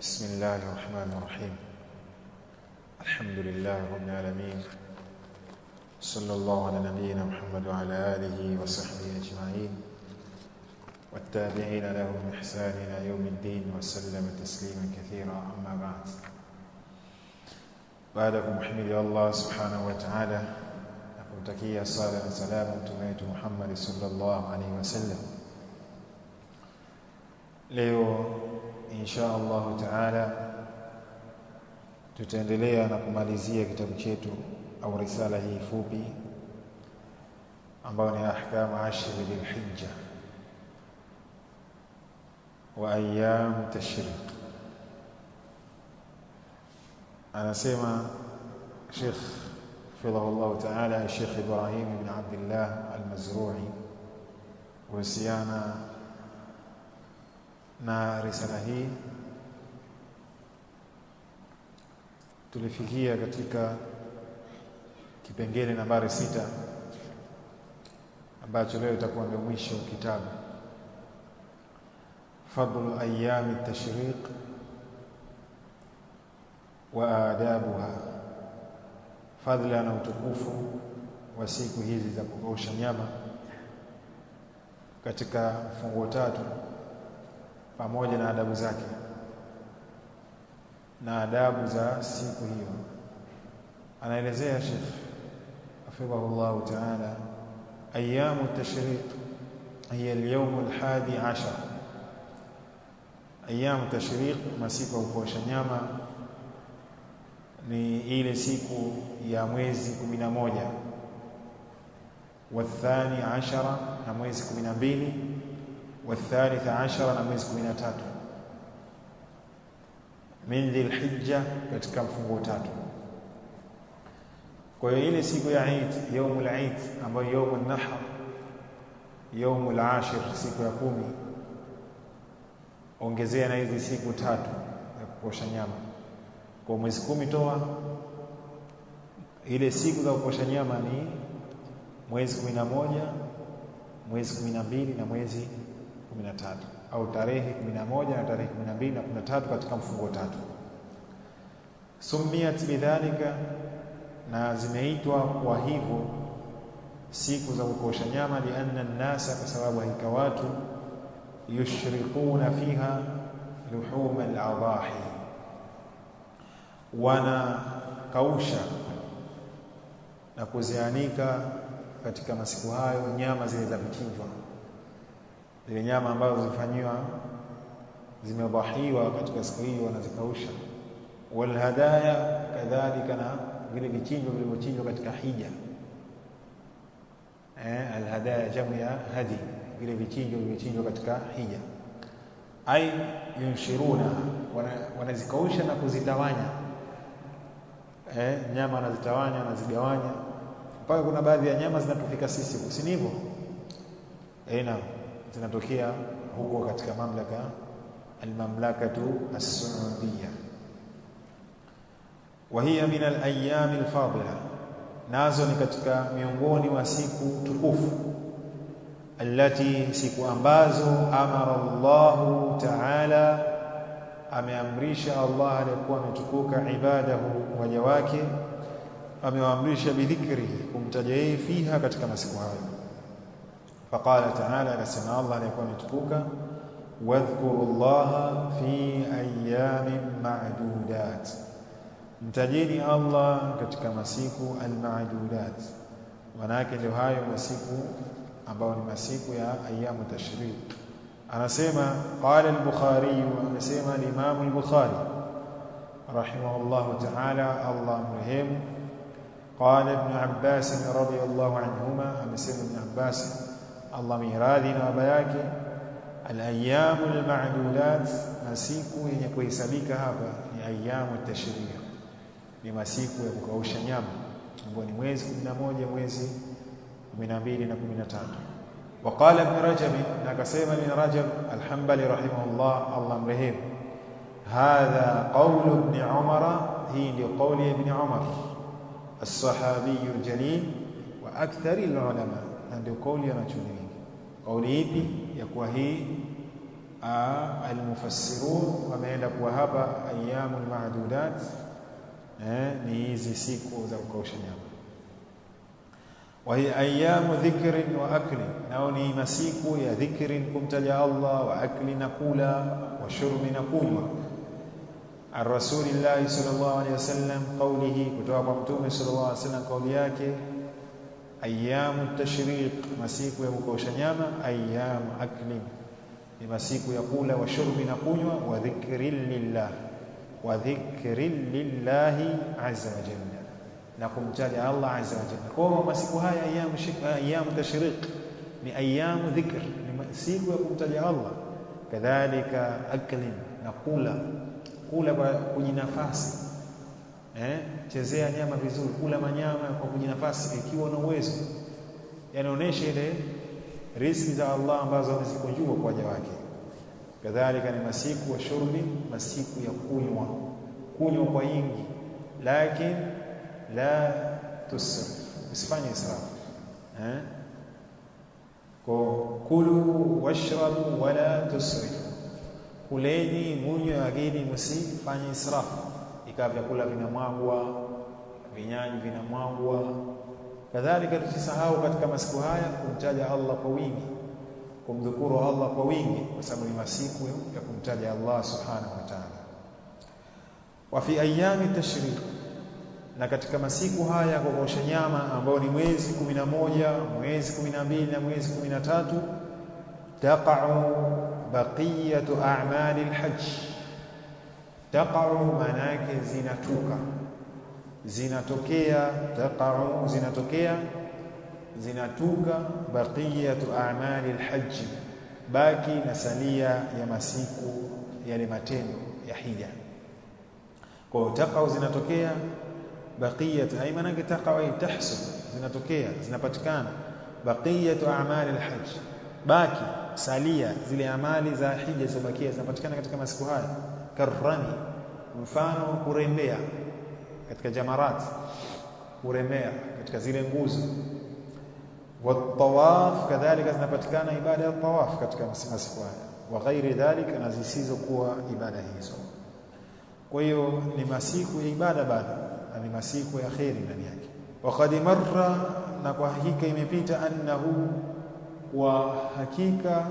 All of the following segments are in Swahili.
بسم الله الرحمن الرحيم الحمد لله رب العالمين صلى الله على نبينا محمد وعلى آله وصحبه أجمعين والتابعين لهم بإحسان إلى يوم الدين وسلم تسليما كثيرا أما بعد بعدكم محمد الله سبحانه وتعالى kumtakia تكيا na salama mtume محمد صلى الله عليه وسلم ليو insha Allah taala tutaendelea na kumalizia kitabu chetu au risala hii fupi ambayo ni ahkamu ashri lilhijja wa ayyam tashriq anasema Sheikh حفظه الله تعالى الشيخ إبراهيم بن عبد الله المزروعي na risala hii tulifikia katika kipengele nambari sita ambacho leo itakuwa ndio mwisho wa kitabu fadlu ayami tashriq wa adabuha fadla na utukufu wa siku hizi za kukausha nyama katika mfungo tatu pamoja na adabu zake na adabu za siku hiyo. Anaelezea Sheikh Allah taala, ayamu tashriq hiya alyawm alhadi ashar, ayamu tashriq, masiku ya kuosha nyama ni ile siku ya mwezi kumi na moja, wathani na mwezi kumi na mbili wathalitha ashara, na mwezi kumi na tatu min Dhilhijja, katika mfungo tatu. Kwa hiyo ile siku ya Eid, yaumul Eid, ambayo yaumun nahar, yaumul ashir, siku ya kumi, ongezea na hizi siku tatu ya kukosha nyama. Kwa mwezi kumi toa ile siku za kukosha nyama ni mwezi kumi na moja, mwezi kumi na mbili na mwezi 13 au tarehe 11 na tarehe 12 na 13 katika mfungo tatu. Sumiat bidhalika, na zimeitwa kwa hivyo siku za kuosha nyama, lianna nnasa, kwa sababu hakika watu yushrikuna fiha luhuma al-adahi, wanakausha na kuzianika katika masiku hayo nyama zile za vichinjwa zile nyama ambazo zifanyiwa zimedhahiwa katika siku hiyo wanazikausha, hadaya kadhalika, na vile vichinjo vilivyochinjwa katika hija. Eh, alhadaya jamu ya hadi, vile vichinjo vilivyochinjwa katika hija. Ai yunshiruna, wanazikausha na kuzitawanya. Eh, nyama wanazitawanya, wanazigawanya mpaka kuna baadhi ya nyama zinatufika sisi, si ndivyo? Eh, naam zinatokea huko katika mamlaka almamlakatu as-saudiya wa hiya min al-ayyam al-fadila, nazo ni katika miongoni wa siku tukufu allati, siku ambazo amara Allahu ta'ala, ameamrisha Allah aliyekuwa ametukuka ibadahu waja wake, amewaamrisha bidhikrihi, kumtaja yeye, fiha, katika masiku hayo فقال تعالى لسنا الله يكون تكوكا واذكروا الله في أيام معدودات متجيني الله كتك مسيك المعدودات ولكن لهاي مسيك أبو المسيك يا أيام تشريق أنا سيما قال البخاري وأنا سيما الإمام البخاري رحمه الله تعالى الله مهم قال ابن عباس رضي الله عنهما أنا سيما ابن عباس Allah miradhi na baba yake alayamu almadudat na siku yenye kuhesabika hapa ni ayamu tashriq ni masiku ya kukausha nyama ambayo ni mwezi 11 mwezi 12 na 13 وقال ابن رجب نكسم ابن رجب الحنبلي رحمه الله الله مرحيم هذا قول ابن عمر هي لقول ابن عمر الصحابي الجليل وأكثر العلماء هذا قول ينجلي Kauli ipi ya kuwa hii almufassirun wameenda kuwa hapa ayyamul maadudat eh, ni hizi siku za kukausha nyama wa hiya ayyamu dhikrin wa akli, nao ni masiku ya dhikrin kumtaja Allah wa akli na kula wa shurbi na kunywa. An rasulillahi sallallahu alayhi wasallam qawlihi, kutoka kwa mtume sallallahu alayhi wasallam kauli yake ayamu tashriq, masiku ya kukosha nyama, ayamu akli, ni masiku ya kula wa shurbi na kunywa, wa dhikri lillah, wa dhikri azza wa jalla, na kumtaja Allah azza wa jalla. Kwa masiku haya ayamu, ayamu tashriq ni ayamu dhikr, ni masiku ya kumtaja Allah. Kadhalika akli, na kula kula kwa kujinafasi eh, chezea nyama vizuri, kula manyama kwa kujinafasi ikiwa na uwezo, yanaonesha ile riziki za Allah ambazo amezikunjua kwa waja wake. Kadhalika ni masiku wa shurbi, masiku ya kunywa, kunywa kwa wingi, lakini la tusrif, usifanye israfu eh? ko kulu washrabu wala tusrifu, kuleni munywe, lakini msifanye israfu katika vyakula vinamwagwa, vinyaji vinamwagwa. Kadhalika tusisahau katika masiku haya kumtaja Allah kwa wingi, kumdhukuru Allah kwa wingi, kwa sababu ni masiku ya kumtaja Allah subhanahu wa ta'ala. Wa fi ayami tashriq, na katika masiku haya ya kuosha nyama ambao ni mwezi 11, mwezi 12 na mwezi 13, taqa'u baqiyatu a'mali lhaji Taqau maana yake zinatuka, zinatokea. Taqau zinatokea, zinatuka. Baqiyatu amali lhaji, baki na salia ya masiku yale matendo ya hija. Kwa hiyo taqau zinatokea, baqiyatu ay maana yake taqau tahsu zinatokea zinapatikana. Baqiyatu amali lhaji, baki salia zile amali za hija zilizobakia zinapatikana katika masiku haya karrami mfano kurembea katika jamarat kuremea katika zile nguzo watawaf kadhalika zinapatikana ibada ya tawaf katika masiku haya wa ghairi dhalika na zisizokuwa ibada hizo kwa hiyo ni masiku ya ibada bado na ni masiku ya kheri ndani yake waqad marra na kwa hakika imepita annahu wa hakika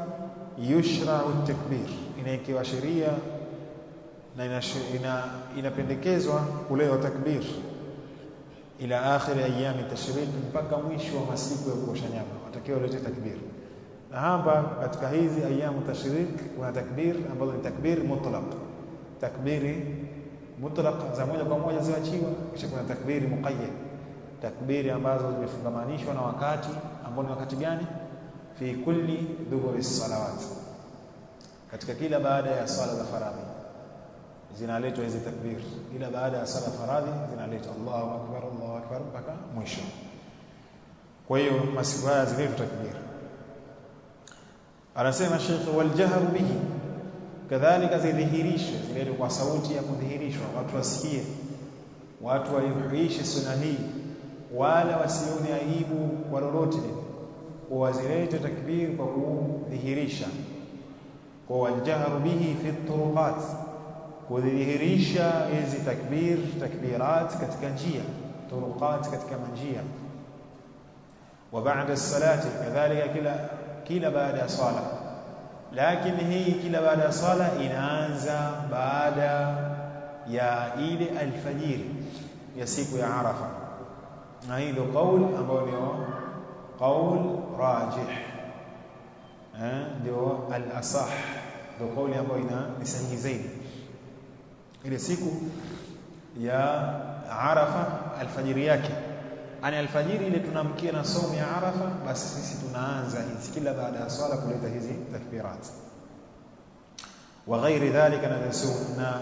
yushra'u takbir inaekewa sheria na ina, inapendekezwa kulewa takbir ila akhiri ayami tashrik, mpaka mwisho wa masiku ya kuosha nyama watakiwa walete takbir. Na hapa katika hizi ayamu tashrik kuna takbir ambazo ni takbir mutlaq, takbiri mutlaq za moja kwa moja ziachiwa, kisha kuna takbiri muqayyad, takbiri ambazo zimefungamanishwa na wakati ambao ni wakati gani? Fi kulli dhuhuri salawat, katika kila baada ya swala za faradhi zinaletwa hizi takbir, ila baada ya sala faradhi zinaletwa Allahu akbar, Allahu akbar mpaka mwisho. Kwa hiyo masiku haya zinaletwa takbir. Anasema Sheikh, waljahru bihi kadhalika, zidhihirishwe, ziletwe kwa sauti ya kudhihirishwa, watu wasikie, watu waihuishe sunna hii, wala wasione aibu kwa lolote wazilete takbir kwa kudhihirisha, kwa waljahru bihi fi turuqat kudhihirisha hizi takbir takbirat katika njia turuqat katika manjia wa ba'da salati kadhalika kila kila baada ya sala lakini hii kila baada ya sala inaanza baada ya ile alfajiri ya siku ya Arafa na hii ndio kauli ambayo ndio qaul rajih eh ndio al-asah ndio kauli ambayo ina nisangi zaidi ile siku ya Arafa alfajiri yake ani alfajiri ile tunaamkia na somo ya Arafa, basi sisi tunaanza hizi kila baada ya swala kuleta hizi takbirat wa ghairi dhalika, na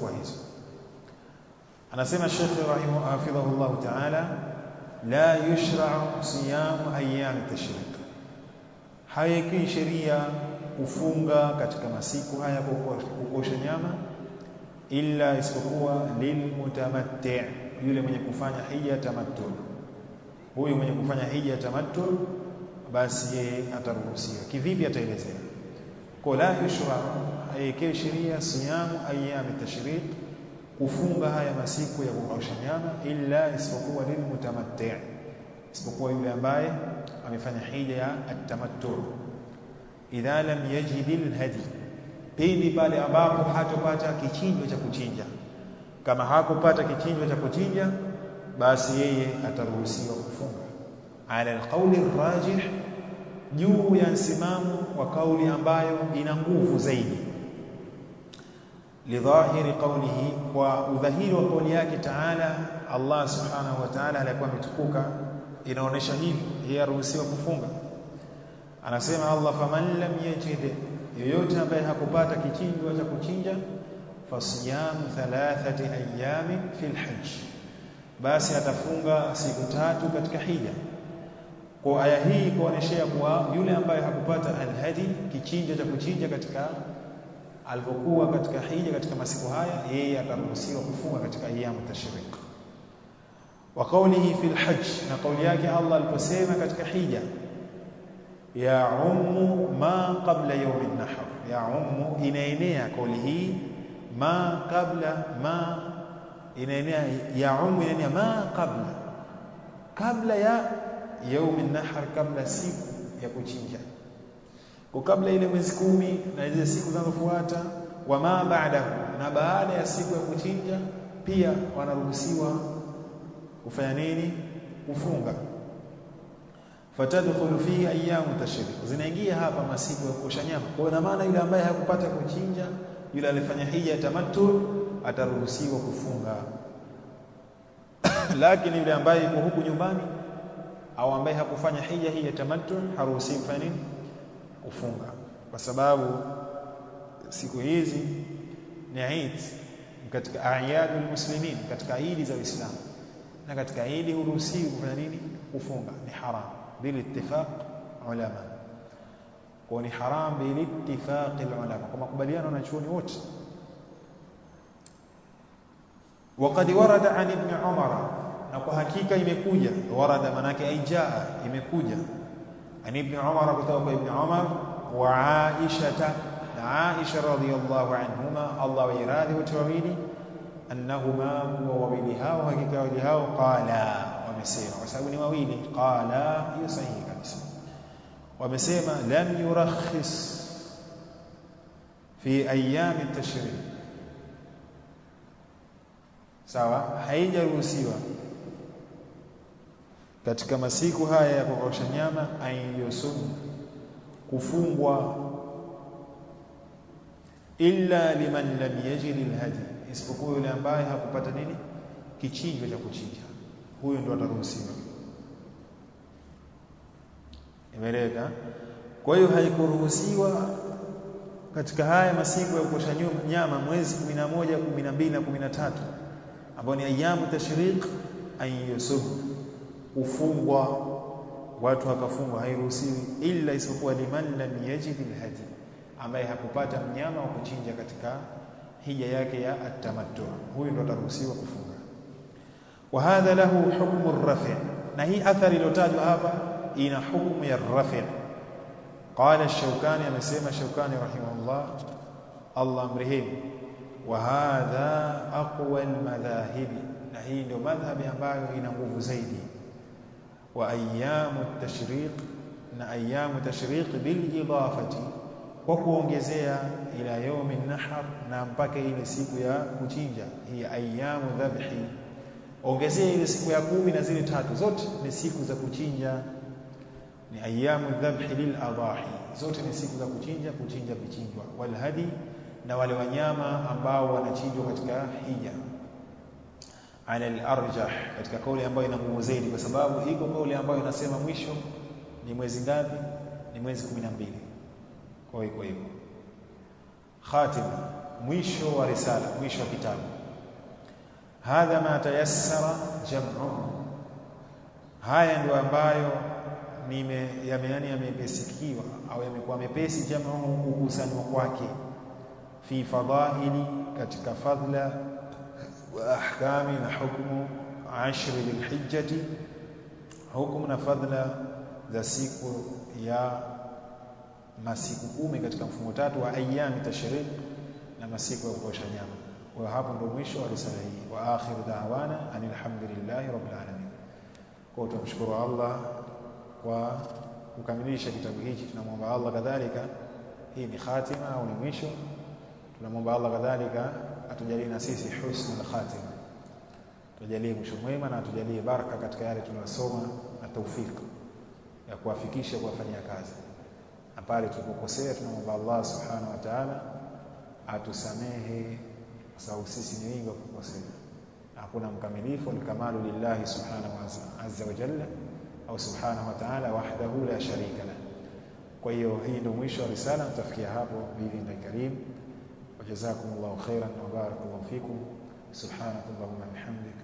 kwa hizo. Anasema Sheikh rahimahu hafidhahu Allah taala, la yushra'u siyam ayyam tashrik, haiwekwi sheria kufunga katika masiku haya kwa kuosha nyama illa isipokuwa lilmutamatti, yule mwenye kufanya hija tamattu. Huyu mwenye kufanya hija tamattu, basi yeye ataruhusiwa. Kivipi? Ataelezea kwa la yushra, haiekewi sheria siyamu ayami tashriq, kufunga haya masiku ya kurusha nyama, illa isipokuwa lilmutamatti, isipokuwa yule ambaye amefanya hija ya atamattu. Idha lam yajid alhadi pindi pale ambapo hatopata kichinjo cha kuchinja. Kama hakupata kichinjo cha kuchinja, basi yeye ataruhusiwa kufunga ala alqauli rajih, juu ya msimamo wa kauli ambayo ina nguvu zaidi lidhahiri qawlihi, kwa udhahiri wa kauli yake Taala. Allah subhanahu wa taala alikuwa ametukuka, inaonesha hivi, yeye aruhusiwa kufunga. Anasema Allah, faman lam yajid yoyote ambaye hakupata kichinjwa cha kuchinja, fasiyamu thalathati ayamin fil hajj, basi atafunga siku tatu katika hija. Kwa aya hii kuoneshea kuwa yule ambaye hakupata alhadi kichinjwa cha kuchinja katika alipokuwa katika hija katika masiku haya, yeye ataruhusiwa kufunga katika ayamu tashriq. Wa qawlihi fil hajj, na kauli yake Allah aliposema katika hija yaumu ma qabla yaumi nahr yaumu inaenea kauli hii ma qabla ma inaenea, yaumu inaenea ma qabla kabla ya yaumi nahar, kabla siku ya kuchinja, kwa kabla ile mwezi kumi na ile siku zinazofuata, wa ma ba'dahu, na baada ya siku ya kuchinja pia wanaruhusiwa kufanya nini? Kufunga fatadkhulu fihi ayyamu tashriq, zinaingia hapa masiku ya kuosha nyama. Kwa hiyo na maana yule ambaye hakupata kuchinja, yule alifanya hija tamattu ataruhusiwa kufunga lakini yule ambaye yuko huku nyumbani au ambaye hakufanya hija hii ya tamattu haruhusiwi kufanya Kufunga, kwa sababu siku hizi ni Eid katika muslimin, katika idi za Uislamu, na katika idi huruhusiwi kufanya nini? Kufunga, ni haramu. بالاتفاق علماء كوني حرام بالاتفاق العلماء كما قبليان ونشوني وجه وقد ورد عن ابن عمر نقو حقيقة يمكوجة ورد مناك أي جاء يمكوجة عن ابن عمر كتابة ابن عمر وعائشة عائشة رضي الله عنهما الله ويراده وتوميني أنهما هو وبيلها وحقيقة وليها وقالا wamesema kwa sababu ni wawili qala hiyo sahihi kabisa wamesema lam yurakhis fi ayami tashriq sawa haijaruhusiwa katika masiku haya ya kukausha nyama aiyosum kufungwa illa liman lam yajid alhadi isipokuwa yule ambaye hakupata nini kichinjo cha kuchinja huyu ndo ataruhusiwa imeleka kwa hiyo haikuruhusiwa katika haya masiku ya kuosha nyama mwezi 11 12 na 13 ambao ni ayamu tashriq ayusub ufungwa watu wakafungwa hairuhusiwi ila isipokuwa liman lam yajid alhadi ambaye hakupata mnyama wa kuchinja katika hija yake ya atamattu huyu ndo ataruhusiwa kufunga وهذا له حكم الرفع ما هي أثر لتاج أبا إن حكم الرفع قال الشوكاني مسيما الشوكاني رحمه الله الله أمرهم وهذا أقوى المذاهب نهي لمذهب أبا إن أبو زيدي وأيام التشريق نا أيام تشريق بالإضافة وكون جزية إلى يوم النحر نام الى لسيكو يا هي أيام ذبحي ongezea ile siku ya kumi na zile tatu, zote ni siku za kuchinja, ni ayamu dhabhi lil adahi zote ni siku za kuchinja. Kuchinja vichinjwa wal hadi, na wale wanyama ambao wanachinjwa katika hija ala al-arjah, katika kauli ambayo ina nguvu zaidi, kwa sababu iko kauli ambayo inasema mwisho ni mwezi ngapi? Ni mwezi kumi na mbili. Kwa hiyo khatima, mwisho wa risala, mwisho wa kitabu hadha ma tayassara jam'u, haya ndio ambayo yameani yamepesikiwa au yamekuwa mepesi jam'u, kukusanywa kwake, fi fadha'ili, katika fadla wa ahkami, na hukmu ashri lilhijjati, hukumu na fadla za siku ya masiku kumi katika mfumo tatu wa ayami tashriq, na masiku ya kuosha nyama kwa hapo ndo mwisho wa risala hii. Wa akhiru da'wana alhamdulillahi rabbil alamin. Kwa tumshukuru Allah kwa kukamilisha kitabu hichi tunamwomba Allah kadhalika, hii ni khatima au ni mwisho. Tunamwomba Allah kadhalika atujalie na sisi husnul khatima, tujalie mwisho mwema na atujalie baraka katika yale tunayosoma na taufiki ya kuwafikisha kuwafanyia kazi, na pale tulipokosea tunamwomba Allah subhanahu wa ta'ala atusamehe kwa sababu sisi ni wingi wa kukosea. Hakuna mkamilifu, alkamalu lillahi subhanahu azza wa jalla au subhanahu wa ta'ala wahdahu la sharika lah. Kwa hiyo hii ndio mwisho wa risala, mtafikia hapo biidhnillahi karim. Wajazakumullahu khairan wa barakallahu fikum. Subhanakallahumma bihamdika